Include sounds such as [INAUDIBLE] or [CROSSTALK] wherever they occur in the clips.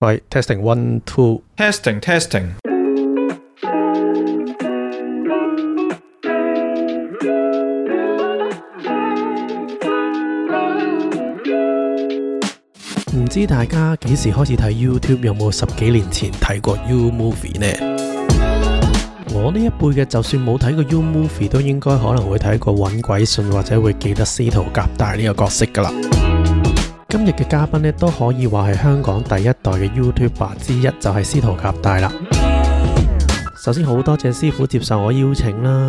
喂，testing one two，testing testing。唔知大家幾時開始睇 YouTube，有冇十幾年前睇過 U Movie 呢？我呢一輩嘅，就算冇睇過 U Movie，都應該可能會睇過《揾鬼信》或者會記得司徒夾帶呢個角色噶啦。今日嘅嘉賓咧，都可以話係香港第一代嘅 YouTuber 之一，就係司徒夾帶啦。首先好多謝師傅接受我邀請啦，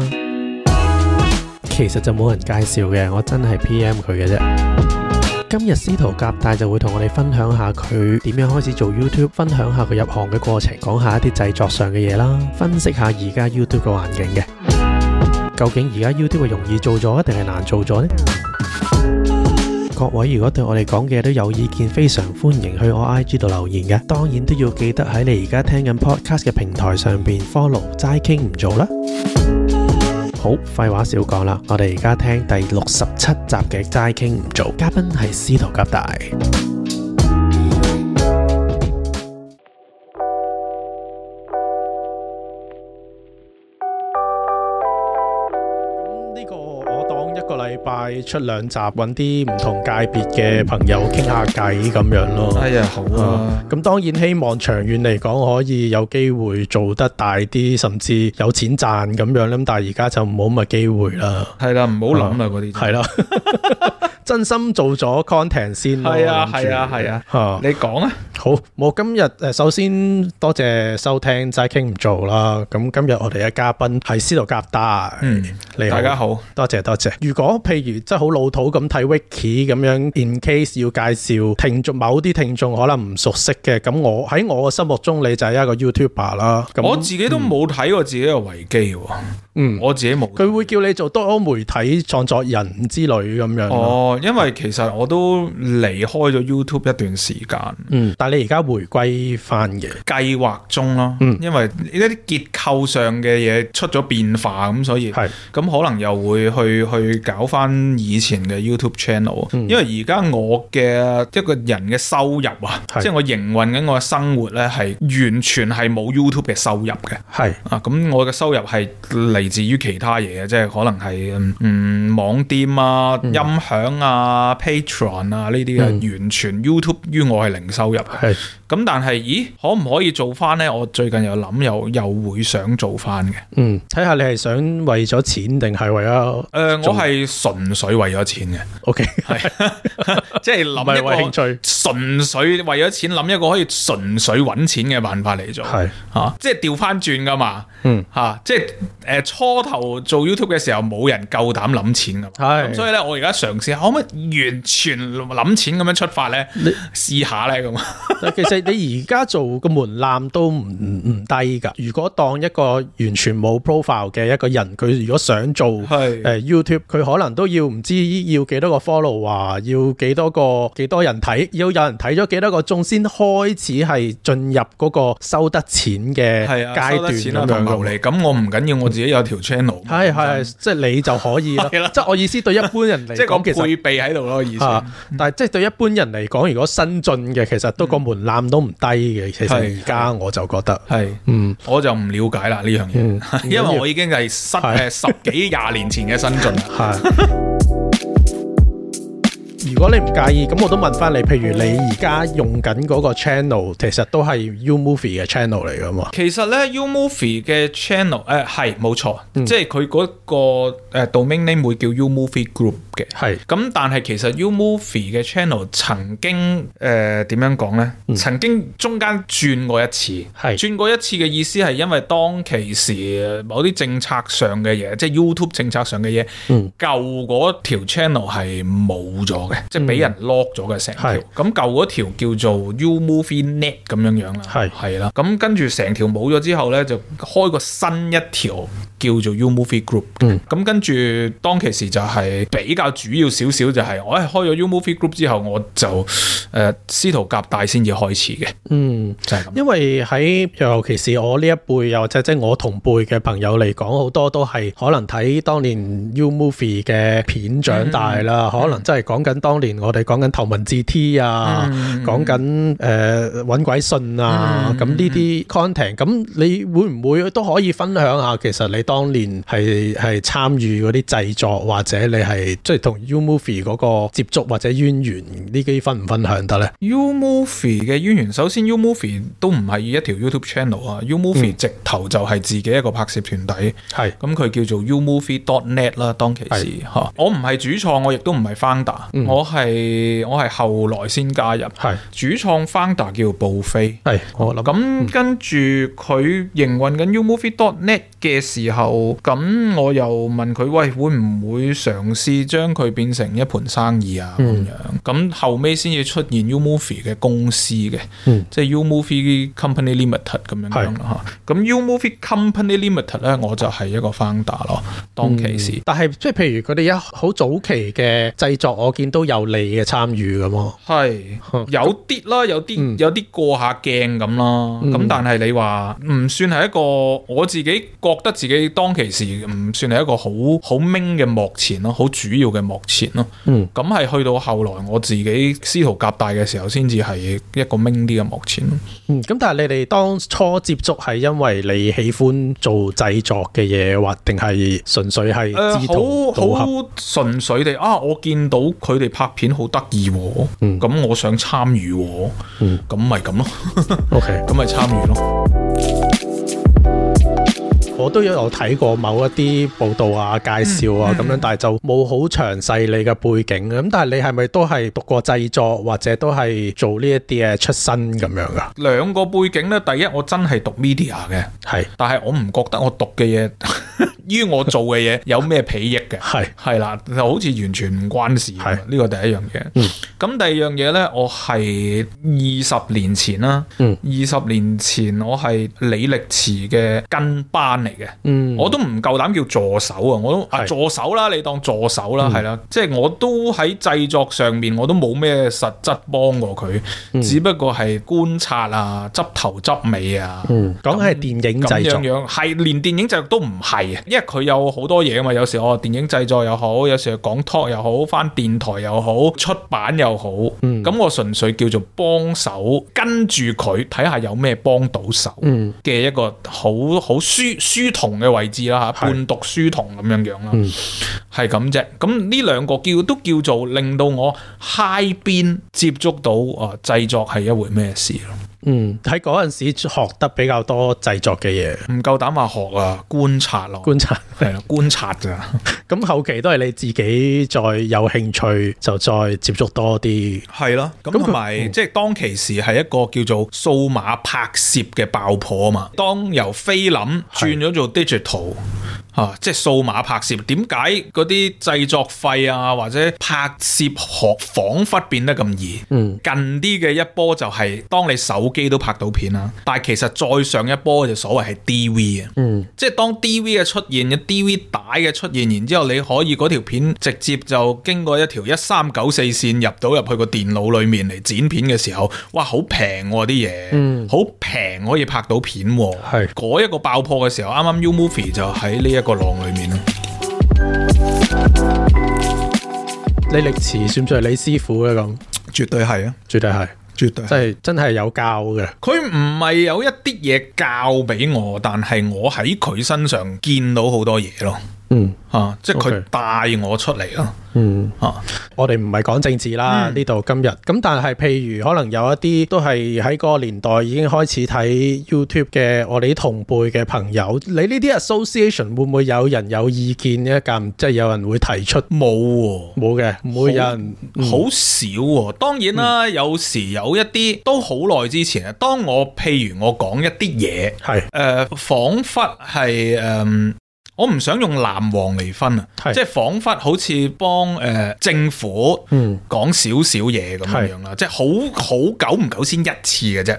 其實就冇人介紹嘅，我真係 PM 佢嘅啫。今日司徒夾帶就會同我哋分享下佢點樣開始做 YouTube，分享下佢入行嘅過程，講下一啲製作上嘅嘢啦，分析下而家 YouTube 嘅環境嘅，究竟而家 YouTube 容易做咗定係難做咗呢？各位如果對我哋講嘅都有意見，非常歡迎去我 IG 度留言嘅。當然都要記得喺你而家聽緊 podcast 嘅平台上邊 follow 齋傾唔做啦。好，廢話少講啦，我哋而家聽第六十七集嘅齋傾唔做，嘉賓係司徒夾帶。出兩集搵啲唔同界別嘅朋友傾下偈咁樣咯。係、哎、啊，好啊。咁當然希望長遠嚟講可以有機會做得大啲，甚至有錢賺咁樣。咁但係、嗯、而家就冇咁嘅機會啦。係啦，唔好諗啊嗰啲。係啦。真心做咗 content 先，係啊，係啊，係啊，啊，你講啊，好，我今日首先多謝收聽，齋傾唔做啦。咁今日我哋嘅嘉賓係司徒夾帶，嗯，你好，大家好，多謝多謝。如果譬如真係好老土咁睇 wiki 咁樣，in case 要介紹聽眾，某啲聽眾可能唔熟悉嘅，咁我喺我嘅心目中你就係一個 YouTuber 啦。咁我自己都冇睇過自己嘅維基喎，嗯，我自己冇。佢、嗯、會叫你做多媒體創作人之類咁樣。哦。因為其實我都離開咗 YouTube 一段時間，嗯，但係你而家回歸翻嘅計劃中咯，嗯，因為一啲結構上嘅嘢出咗變化咁，所以係咁可能又會去去搞翻以前嘅 YouTube channel，嗯，因為而家我嘅一個人嘅收入啊，即係我營運緊我嘅生活咧，係完全係冇 YouTube 嘅收入嘅，係啊，咁我嘅收入係嚟自於其他嘢嘅，即係可能係嗯網店啊，嗯，音響啊。啊，Patreon 啊，呢啲啊、嗯，完全 YouTube 於我係零收入。係。咁但係，咦，可唔可以做翻呢？我最近又諗，又又會想做翻嘅。嗯，睇下你係想為咗錢定係為咗？誒、呃，我係純粹為咗錢嘅。OK，係即係諗一個純興趣，純粹為咗錢諗一個可以純粹搵錢嘅辦法嚟做，係吓、啊，即係調翻轉噶嘛。嗯，吓、啊，即係誒、呃、初頭做 YouTube 嘅時候冇人夠膽諗錢噶，係，所以咧我而家嘗試下可唔可以完全諗錢咁樣出發呢？試下呢。咁你而家做個門檻都唔唔低㗎。如果當一個完全冇 profile 嘅一個人，佢如果想做誒 YouTube，佢可能都要唔知要幾多個 follow 話，要幾多個幾多人睇，要有人睇咗幾多個鐘先開始係進入嗰個收得錢嘅階段啊。收得錢啊，流量嚟。咁我唔緊要，我自己有條 channel。係係，即係你就可以咯。即係我意思，對一般人嚟，即係講配備喺度咯。以前，但係即係對一般人嚟講，如果新進嘅，其實都個門檻。都唔低嘅，其實而家我就覺得係，嗯，我就唔了解啦呢樣嘢，因為我已經係失誒十幾廿年前嘅新進。 [LAUGHS] 如果你唔介意，咁我都問翻你，譬如你而家用緊嗰個 channel，其實都係 UMovie 嘅 channel 嚟噶嘛？其實咧 UMovie 嘅 channel，誒係冇錯，嗯、即係佢嗰個誒、呃、domain name 會叫 UMovie Group 嘅，係。咁但係其實 UMovie 嘅 channel 曾經誒點、呃、樣講呢、嗯、曾經中間轉過一次，係轉過一次嘅意思係因為當其時某啲政策上嘅嘢，即係 YouTube 政策上嘅嘢、嗯，舊嗰條 channel 係冇咗。即係俾人 lock 咗嘅成條，咁舊嗰條叫做 UMovie Net 咁樣樣啦，係係啦，咁跟住成條冇咗之後咧，就開個新一條叫做 UMovie Group，咁、嗯、跟住當其時就係比較主要少少、就是，就係我係開咗 UMovie Group 之後，我就誒，司、呃、徒夾帶先至開始嘅，嗯，就係、是、咁，因爲喺尤其是我呢一輩，又或者即係我同輩嘅朋友嚟講，好多都係可能睇當年 UMovie 嘅片長大啦、嗯，可能真係講緊。當年我哋講緊頭文字 T 啊，講緊誒搵鬼信啊，咁呢啲 content，咁你會唔會都可以分享下？其實你當年係係參與嗰啲製作，或者你係即係同 U Movie 嗰個接觸或者淵源呢啲分唔分享得呢？U Movie 嘅淵源，首先 U Movie 都唔係一條 YouTube channel 啊、嗯、U Movie 直頭就係自己一個拍攝團體，係咁佢叫做 U Movie net 啦。當其時吓，我唔係主創，我亦都唔係 founder、嗯。我係我係後來先加入，係主創 founder 叫做布飛，係，咁跟住佢營運緊 uMovie.net 嘅時候，咁我又問佢喂，會唔會嘗試將佢變成一盤生意啊咁樣，咁後尾先至出現 uMovie 嘅公司嘅，即、嗯、係、就是、uMovie Company Limited 咁樣啦吓，咁 uMovie Company Limited 咧，我就係一個 founder 咯、嗯，當其時，但係即係譬如佢哋一好早期嘅製作，我見到。都有你嘅參與咁咯，係有啲啦，有啲、嗯、有啲過下鏡咁啦，咁、嗯、但係你話唔算係一個我自己覺得自己當其時唔算係一個好好明嘅幕前咯，好主要嘅幕前咯，嗯，咁係去到後來我自己司徒夾帶嘅時候，先至係一個明啲嘅幕前咯。嗯，咁但係你哋當初接觸係因為你喜歡做製作嘅嘢，或定係純粹係誒，好好純粹地、嗯、啊，我見到佢哋拍片好得意，咁、嗯、我想參與、哦，咁咪咁囉。嗯、 [LAUGHS] OK，咁咪參與囉。我都有睇過某一啲報道啊、介紹啊咁樣，但係就冇好詳細你嘅背景咁。但係你係咪都係讀過製作，或者都係做呢一啲嘢出身咁樣噶？兩個背景呢，第一我真係讀 media 嘅，係。但係我唔覺得我讀嘅嘢於我做嘅嘢有咩裨益嘅，係係啦，就好似完全唔關事。係呢個第一樣嘢。嗯咁第二樣嘢咧，我係二十年前啦，二、嗯、十年前我係李力持嘅跟班嚟嘅、嗯，我都唔夠膽叫助手啊，我都、啊、助手啦，你當助手啦，係、嗯、啦，即係我，我都喺製作上面我都冇咩實質幫過佢、嗯，只不過係觀察啊、執頭執尾啊，嗯、講係電影製作，係連電影製作都唔係啊，因為佢有好多嘢啊嘛，有時我電影製作又好，有時講 talk 又好，翻電台又好，出版又又、嗯、好，咁我純粹叫做幫手跟住佢睇下有咩幫到手嘅、嗯、一個好好書書童嘅位置啦吓、啊，半讀書童咁樣、嗯、樣啦，係咁啫。咁呢兩個叫都叫做令到我嗨邊接觸到啊製作係一回咩事咯。嗯，喺嗰陣時候學得比較多製作嘅嘢，唔夠膽話學啊，觀察咯，觀察係觀察咋，咁後期都係你自己再有興趣就再接觸多啲，係咯、啊，咁同埋即係當其時係一個叫做數碼拍攝嘅爆破啊嘛，當由菲林轉咗做 digital。啊！即係數碼拍攝，點解嗰啲製作費啊，或者拍攝學仿佛變得咁易？嗯，近啲嘅一波就係當你手機都拍到片啦。但係其實再上一波就所謂係 DV 啊、嗯。嗯，即係當 DV 嘅出現，嘅 DV 帶嘅出現，然之後你可以嗰條片直接就經過一條一三九四線入到入去個電腦裏面嚟剪片嘅時候，哇！好平啲嘢，嗯，好平可以拍到片喎、啊。係一個爆破嘅時候，啱啱 U Movie 就喺呢一個浪裏面咯，李力持算唔算係李師傅咧？咁絕對係啊，絕對係，絕對係真係真係有教嘅。佢唔係有一啲嘢教俾我，但係我喺佢身上見到好多嘢咯。嗯啊，即係佢帶我出嚟咯。嗯啊，我哋唔係講政治啦，呢、嗯、度今日咁，但係譬如可能有一啲都係喺嗰個年代已經開始睇 YouTube 嘅，我哋啲同輩嘅朋友，你呢啲 association 會唔會有人有意見一咁即係有人會提出冇冇嘅，唔、啊、會有人好少、啊嗯。當然啦，有時有一啲都好耐之前啊。當我譬如我講一啲嘢，係誒，仿佛係誒。我唔想用藍黃嚟分、呃小小久久嗯、啊，即係仿佛好似幫誒政府講少少嘢咁樣啦，即係好好久唔久先一次嘅啫，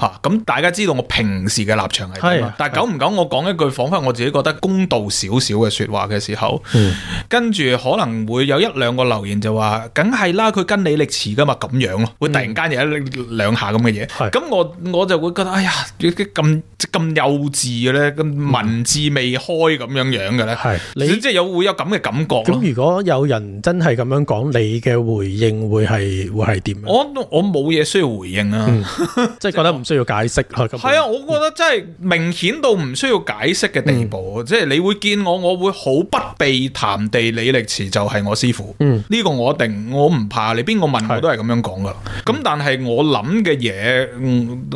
吓，咁大家知道我平時嘅立場係點啊？但係久唔久我講一句仿佛我自己覺得公道少少嘅說話嘅時候，嗯、跟住可能會有一兩個留言就話，梗係啦，佢跟李力持噶嘛咁樣咯，會突然間有一兩下咁嘅嘢，咁、嗯、我我就會覺得，哎呀，咁咁幼稚嘅咧，咁文字未開咁。樣樣嘅咧，係你即係有會有咁嘅感覺。咁如果有人真係咁樣講，你嘅回應會係會係點樣？我我冇嘢需要回應啊、嗯， [LAUGHS] 即係覺得唔需要解釋係啊,啊，我覺得真係明顯到唔需要解釋嘅地步。即、嗯、係、就是、你會見我，我會好不避談地李力持就係我師父。嗯，呢、呢個我一定我唔怕你邊個問我都係咁樣講噶。咁但係我諗嘅嘢，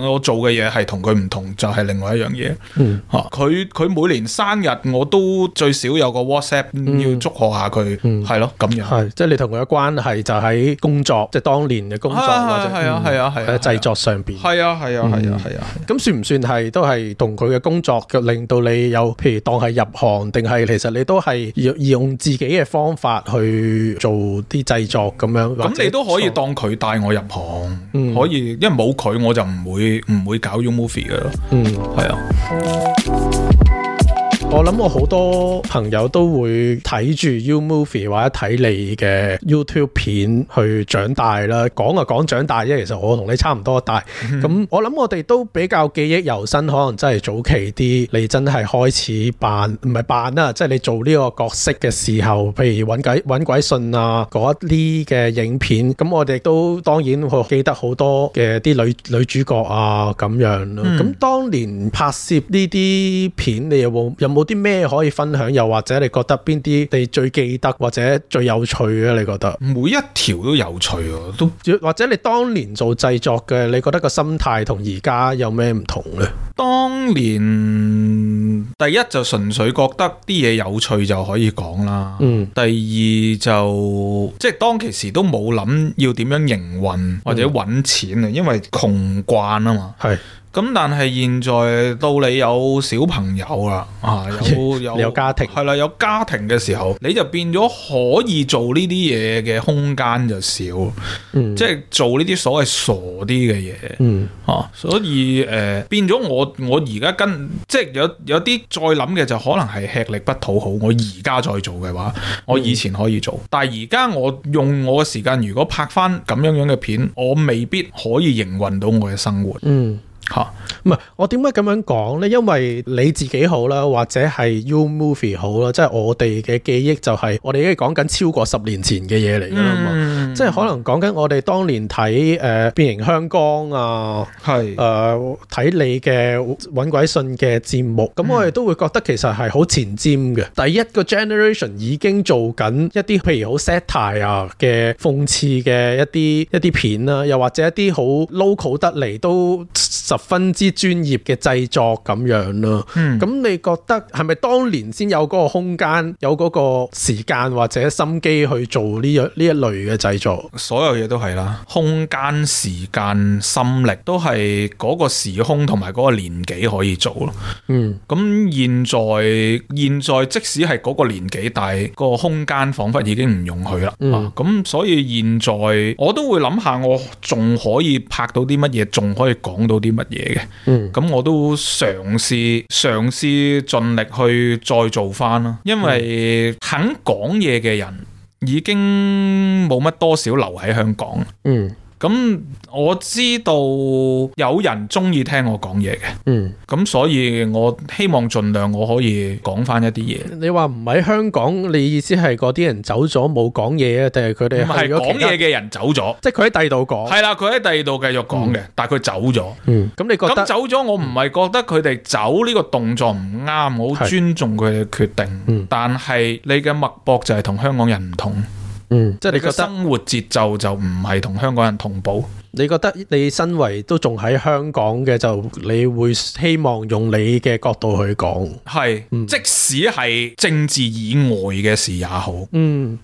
我做嘅嘢係同佢唔同，就係、是、另外一樣嘢。嗯，佢佢每年生日我。都最少有個 WhatsApp、嗯、要祝賀下佢，係咯咁樣。係即係你同佢嘅關係就喺工作，即、就、係、係、當年嘅工作、啊、或者係啊係啊係啊嘅製作上邊。係啊係啊係啊係啊。咁、嗯、算唔算係都係同佢嘅工作嘅令到你有，譬如當係入行定係其實你都係用用自己嘅方法去做啲製作咁樣。咁你都可以當佢帶我入行、嗯，可以，因為冇佢我就唔會唔會搞 U Movie 嘅咯。嗯，係啊。我諗我好多朋友都會睇住 UMovie 或者睇你嘅 YouTube 片去長大啦。講啊講長大，啫，其實我同你差唔多大。咁、嗯、我諗我哋都比較記憶猶新，可能真係早期啲。你真係開始扮唔係扮啦，即係你做呢個角色嘅時候，譬如鬼《揾鬼揾鬼信》啊嗰啲嘅影片。咁我哋都當然會記得好多嘅啲女女主角啊咁樣咯。咁、嗯、當年拍攝呢啲片，你有冇有冇？有啲咩可以分享？又或者你覺得邊啲你最記得，或者最有趣啊？你覺得每一條都有趣啊，都或者你當年做製作嘅，你覺得個心態同而家有咩唔同呢？當年第一就純粹覺得啲嘢有趣就可以講啦。嗯，第二就即係、就是、當其時都冇諗要點樣營運或者搵錢啊、嗯，因為窮慣啊嘛，係。咁但係現在到你有小朋友啦，啊有有，有家庭係啦，有家庭嘅時候，你就變咗可以做呢啲嘢嘅空間就少，嗯，即係做呢啲所謂傻啲嘅嘢，嗯，所以誒，呃，變咗我我而家跟即係有有啲再諗嘅就可能係吃力不討好，我而家再做嘅話，我以前可以做，嗯，但係而家我用我嘅時間如果拍翻咁樣樣嘅片，我未必可以營運到我嘅生活，嗯。吓，唔係，我點解咁樣講咧？因為你自己好啦，或者係 UMovie 好啦，即係我哋嘅記憶就係、是、我哋已經講緊超過十年前嘅嘢嚟噶啦嘛。即係可能講緊我哋當年睇誒、呃《變形香江》啊，係誒睇你嘅《揾鬼信》嘅節目，咁我哋都會覺得其實係好前瞻嘅、嗯。第一個 generation 已經做緊一啲譬如好 satire 嘅諷刺嘅一啲一啲片啦，又或者一啲好 local 得嚟都十。分之專業嘅製作咁樣咯，咁、嗯、你覺得係咪當年先有嗰個空間，有嗰個時間或者心機去做呢？呢一類嘅製作，所有嘢都係啦，空間、時間、心力都係嗰個時空同埋嗰個年紀可以做咯。嗯，咁現在現在即使係嗰個年紀，但係個空間彷彿已經唔容許啦。咁、嗯啊、所以現在我都會諗下，我仲可以拍到啲乜嘢，仲可以講到啲乜嘢、嗯、嘅，咁我都嘗試嘗試盡力去再做翻啦，因為肯講嘢嘅人已經冇乜多少留喺香港。嗯。咁我知道有人中意聽我講嘢嘅，嗯，咁所以我希望盡量我可以講翻一啲嘢。你話唔喺香港，你意思係嗰啲人走咗冇講嘢啊？定係佢哋係講嘢嘅人走咗？即係佢喺第二度講，係啦，佢喺第二度繼續講嘅，嗯，但係佢走咗。咁，嗯、你覺得？咁走咗，我唔係覺得佢哋走呢個動作唔啱，我好尊重佢嘅決定。嗯，但係你嘅脈搏就係同香港人唔同。嗯，即、就、係、是、你覺得你嘅生活節奏就唔係同香港人同步？你覺得你身為都仲喺香港嘅，就你會希望用你嘅角度去講？係、嗯，即使係政治以外嘅事也好，嗯，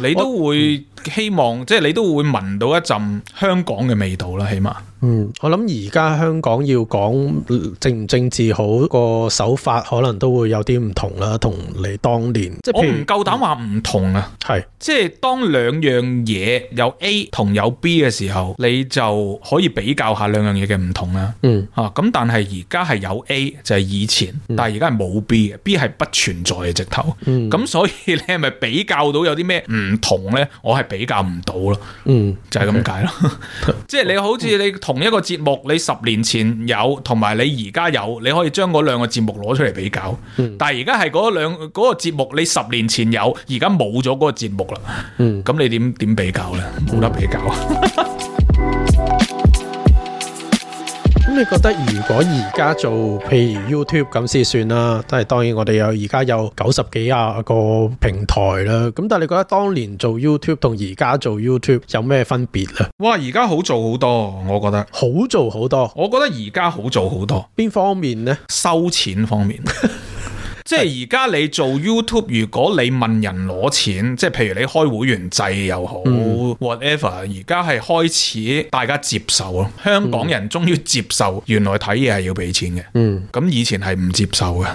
你都會。希望即係你都會聞到一陣香港嘅味道啦，起碼。嗯，我諗而家香港要講政唔政治好個手法，可能都會有啲唔同啦，同你當年即係。我唔夠膽話唔同啊。係、嗯，即係當兩樣嘢有 A 同有 B 嘅時候，你就可以比較下兩樣嘢嘅唔同啦。嗯，吓、啊，咁但係而家係有 A 就係以前，嗯、但係而家係冇 B 嘅，B 係不存在嘅直頭。嗯，咁所以你係咪比較到有啲咩唔同咧？我係。比較唔到咯，嗯，就係咁解咯，即、okay. 係 [LAUGHS] 你好似你同一個節目，你十年前有，同埋你而家有，你可以將嗰兩個節目攞出嚟比較，嗯、但係而家係嗰兩嗰個節、那個、目，你十年前有，而家冇咗嗰個節目啦，嗯，咁你點點比較呢？冇、嗯、得比較。 [LAUGHS] 咁你覺得如果而家做，譬如 YouTube 咁先算啦。但係當然我哋有而家有九十幾啊個平台啦。咁但係你覺得當年做 YouTube 同而家做 YouTube 有咩分別咧？哇！而家好做好多，我覺得好做好多。我覺得而家好做好多。邊方面呢？收錢方面。 [LAUGHS] 即係而家你做 YouTube，如果你問人攞錢，即係譬如你開會員制又好、嗯、，whatever，而家係開始大家接受咯。香港人終於接受原來睇嘢係要俾錢嘅。嗯，咁、嗯、以前係唔接受嘅。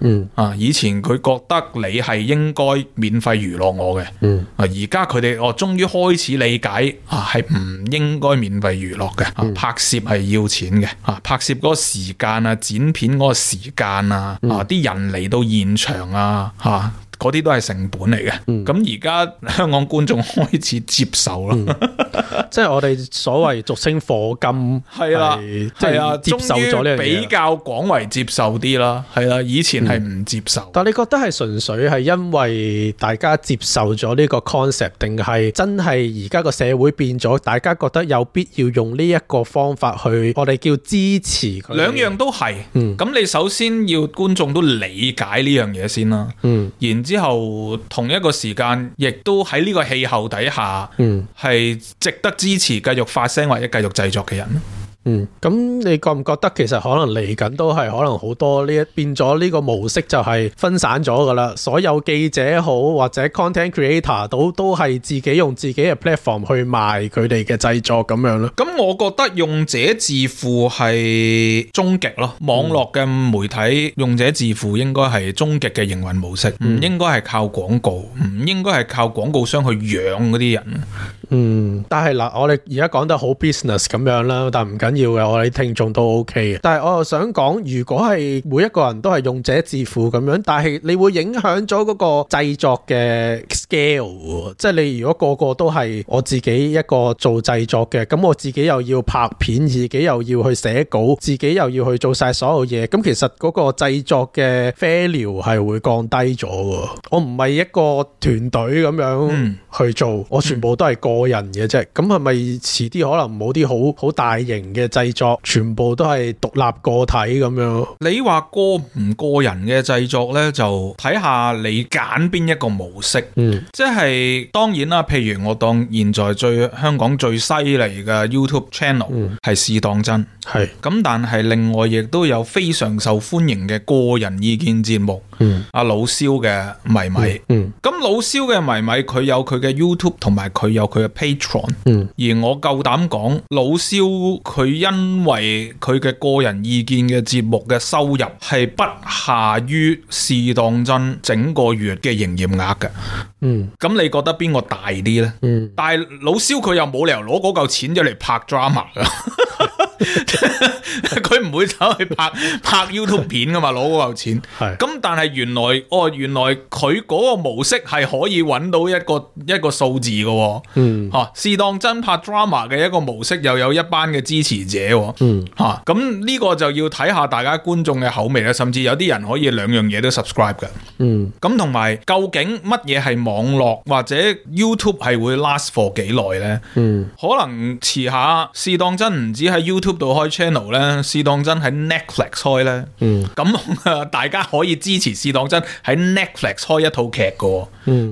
嗯啊，以前佢覺得你係應該免費娛樂我嘅。嗯啊，而家佢哋我終於開始理解啊，係唔應該免費娛樂嘅，拍攝係要錢嘅，拍攝嗰個時間啊，剪片嗰個時間啊，啊、嗯，啲人嚟到現場啊，吓。嗰啲都係成本嚟嘅，咁而家香港觀眾開始接受啦、嗯， [LAUGHS] 即係我哋所謂俗稱課金係啦，係 [LAUGHS] 啊，接受咗呢樣嘢，終於、啊，比較廣為接受啲啦，係啦、啊，以前係唔接受、嗯。但係你覺得係純粹係因為大家接受咗呢個 concept，定係真係而家個社會變咗，大家覺得有必要用呢一個方法去，我哋叫支持佢。兩樣都係，咁、嗯、你首先要觀眾都理解呢樣嘢先啦，嗯、然之。之後同一個時間，亦都喺呢個氣候底下，嗯、係值得支持、繼續發聲或者繼續製作嘅人。嗯，咁你覺唔覺得其實可能嚟緊都係可能好多呢？變咗呢個模式就係分散咗噶啦，所有記者好或者 content creator 到都係自己用自己嘅 platform 去賣佢哋嘅製作咁樣咯。咁、嗯、我覺得用者自負係終極咯，網絡嘅媒體用者自負應該係終極嘅營運模式，唔、嗯、應該係靠廣告，唔、嗯、應該係靠廣告商去養嗰啲人。嗯，但係嗱，我哋而家講得好 business 咁樣啦，但唔緊要嘅，我哋聽眾都 OK 嘅。但係我又想講，如果係每一個人都係用者自負咁樣，但係你會影響咗個製作嘅 scale，即係你如果個個都係我自己一個做製作嘅，咁我自己又要拍片，自己又要去寫稿，自己又要去做晒所有嘢，咁其實嗰個製作嘅 failure 係會降低咗，我唔係一個團隊咁樣去做，嗯，我全部都係個人。嗯個，個人嘅啫，咁係咪遲啲可能冇啲好好大型嘅製作，全部都係獨立個體咁樣？你話個唔個人嘅製作咧，就睇下你揀邊一個模式。嗯，即係當然啦，譬如我當現在最香港最犀利嘅 YouTube channel，係、嗯、試當真係。咁但係另外亦都有非常受歡迎嘅個人意見節目。嗯，阿老蕭嘅迷米，嗯，咁、嗯、老蕭嘅迷米佢有佢嘅 YouTube 同埋佢有佢。Patron，嗯，而我夠膽講，老蕭佢因為佢嘅個人意見嘅節目嘅收入係不下於試當真整個月嘅營業額嘅，嗯，咁你覺得邊個大啲呢？嗯，但係老蕭佢又冇理由攞嗰嚿錢就嚟拍 drama [LAUGHS] 佢 [LAUGHS] 唔會走去拍拍 YouTube 片噶嘛，攞嗰錢。咁，但係原來哦，原來佢嗰個模式係可以揾到一個一個數字噶、哦。嗯，吓、啊、試當真拍 drama 嘅一個模式又有一班嘅支持者、哦。嗯，吓咁呢個就要睇下大家觀眾嘅口味啦。甚至有啲人可以兩樣嘢都 subscribe 嘅。嗯，咁同埋究竟乜嘢係網絡或者 YouTube 係會 last for 幾耐呢、嗯？可能遲下試當真唔止喺 YouTube。YouTube 度開 channel 咧，試當真喺 Netflix 開咧，咁、嗯、啊大家可以支持試當真喺 Netflix 開一套劇嘅，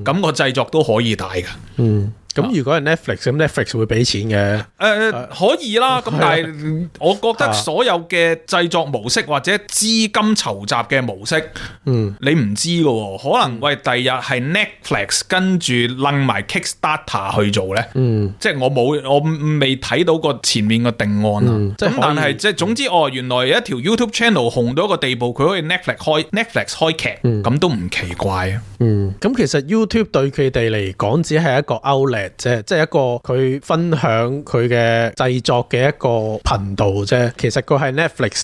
咁個製作都可以大㗎。嗯咁如果係 Netflix 咁 Netflix 會俾錢嘅？誒、呃，可以啦。咁、嗯、但係、啊、我覺得所有嘅製作模式或者資金籌集嘅模式，嗯，你唔知嘅、哦，可能喂第日係 Netflix 跟住掹埋 Kickstarter 去做咧。嗯，即係我冇我未睇到過前面個定案啊、嗯。即係咁，但係即係總之哦，原來有一條 YouTube channel 紅到一個地步，佢可以 Netflix 開 Netflix 開劇，咁都唔奇怪啊。嗯，咁、嗯、其實 YouTube 對佢哋嚟講只係一個 outlet 即係即係一個佢分享佢嘅製作嘅一個頻道啫。其實佢係 Netflix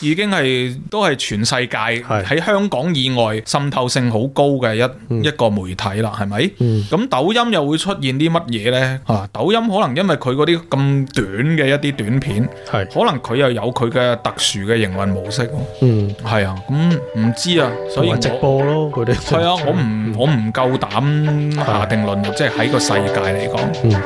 已經係都係全世界喺香港以外滲透性好高嘅一、嗯、一個媒體啦，係咪？咁、嗯、抖音又會出現啲乜嘢呢？啊，抖音可能因為佢嗰啲咁短嘅一啲短片，可能佢又有佢嘅特殊嘅營運模式。嗯，係啊，咁、嗯、唔知啊，所以直播咯，佢哋係啊，我唔我唔夠膽下定論，即係喺個世界嚟講。嗯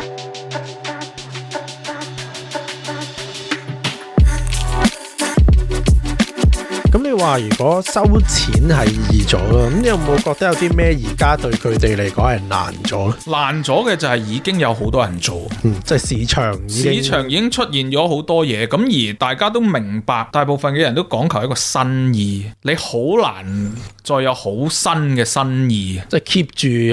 話如果收錢係易咗咯，咁你有冇覺得有啲咩而家對佢哋嚟講係難咗咧？難咗嘅就係已經有好多人做，即、嗯、係、就是、市場已經。市場已經出現咗好多嘢，咁而大家都明白，大部分嘅人都講求一個新意，你好難再有好新嘅新意，即、就、係、是、keep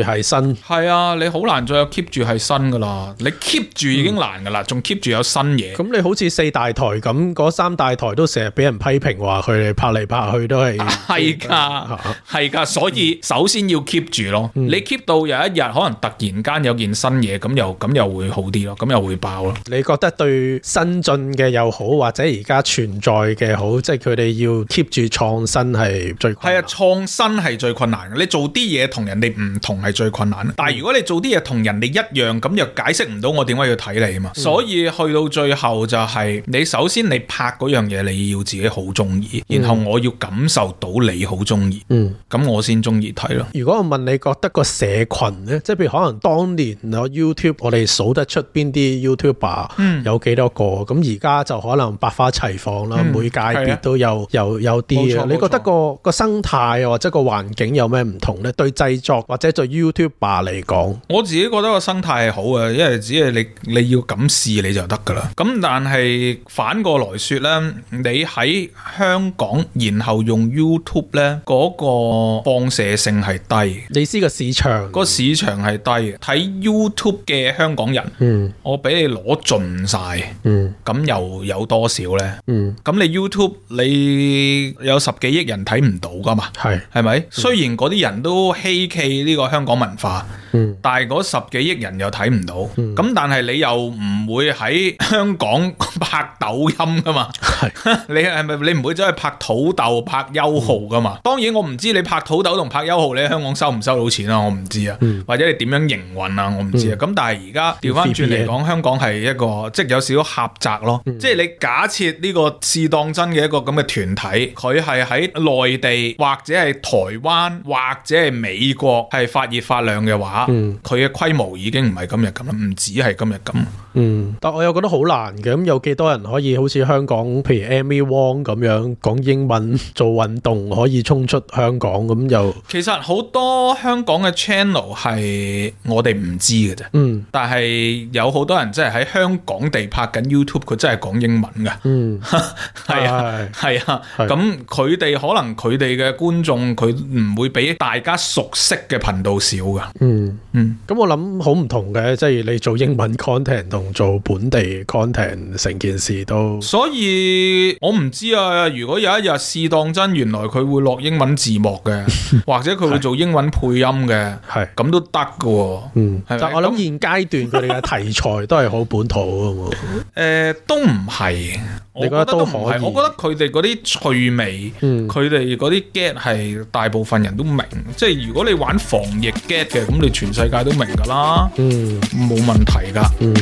住係新。係啊，你好難再有 keep 住係新噶啦，你 keep 住已經難噶啦，仲、嗯、keep 住有新嘢。咁、嗯、你好似四大台咁，嗰三大台都成日俾人批評話佢哋拍嚟拍。下去都係係噶，係噶、啊，所以首先要 keep 住咯、嗯。你 keep 到有一日可能突然間有件新嘢，咁又咁又會好啲咯，咁又會爆咯。你覺得對新進嘅又好，或者而家存在嘅好，即係佢哋要 keep 住創新係最係啊！創新係最困難嘅，你做啲嘢同人哋唔同係最困難。是的但係如果你做啲嘢同人哋一樣，咁又解釋唔到我點解要睇你啊嘛、嗯。所以去到最後就係、是、你首先你拍嗰樣嘢，你要自己好中意，然後我要、嗯。要感受到你好中意，嗯，咁我先中意睇咯。如果我問你覺得個社群咧，即係譬如可能當年我 YouTube，我哋數得出邊啲 YouTuber 有幾多個，咁而家就可能百花齊放啦、嗯，每界別都有、嗯、有有啲，你覺得個個生態或者個環境有咩唔同咧？對製作或者對 YouTuber 嚟講，我自己覺得個生態係好嘅，因為只係你你要敢試你就得噶啦。咁但係反過來說咧，你喺香港然後用 YouTube 咧，嗰、個放射性係低。你知、個市場，個市場係低。睇 YouTube 嘅香港人，嗯，我俾你攞盡晒，嗯，咁又有多少咧？嗯，咁你 YouTube 你有十幾億人睇唔到噶嘛？係係咪？雖然嗰啲人都稀奇呢個香港文化，嗯，但係嗰十幾億人又睇唔到，咁、嗯、但係你又唔會喺香港拍抖音噶嘛？係 [LAUGHS] 你係咪？係咪你唔會走去拍土豆？又拍優酷噶嘛？當然我唔知你拍土豆同拍優酷，你喺香港收唔收到錢啊？我唔知啊、嗯，或者你點樣營運啊？我唔知啊。咁、嗯、但係而家調翻轉嚟講、嗯，香港係一個即係、就是、有少少狹窄咯。嗯、即係你假設呢個試當真嘅一個咁嘅團體，佢係喺內地或者係台灣或者係美國係發熱發亮嘅話，佢、嗯、嘅規模已經唔係今日咁啦，唔止係今日咁。嗯，但我又覺得好難嘅。咁有幾多人可以好似香港，譬如 Amy Wong 咁樣講英文？做運動可以衝出香港咁又，其實好多香港嘅 channel 係我哋唔知嘅啫。嗯，但係有好多人即係喺香港地拍緊 YouTube，佢真係講英文噶嗯，係 [LAUGHS] 啊，係、嗯、啊，咁佢哋可能佢哋嘅觀眾佢唔會比大家熟悉嘅頻道少噶嗯嗯，咁我諗好唔同嘅，即係你做英文 content 同做本地 content 成件事都，所以我唔知啊。如果有一日試。當真，原來佢會落英文字幕嘅， [LAUGHS] 或者佢會做英文配音嘅，係 [LAUGHS] 咁都得㗎、哦。嗯，但我諗現階段佢哋嘅題材都係好本土嘅。誒、 [LAUGHS] 嗯，都唔係，我覺得都可。我覺得佢哋嗰啲趣味，佢哋嗰啲 get 係大部分人都明。即係如果你玩防疫 get 嘅，咁你全世界都明噶啦，嗯，冇問題噶。嗯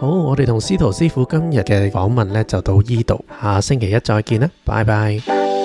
好，我哋同司徒師傅今日嘅訪問呢就到依度，下星期一再見啦，拜拜。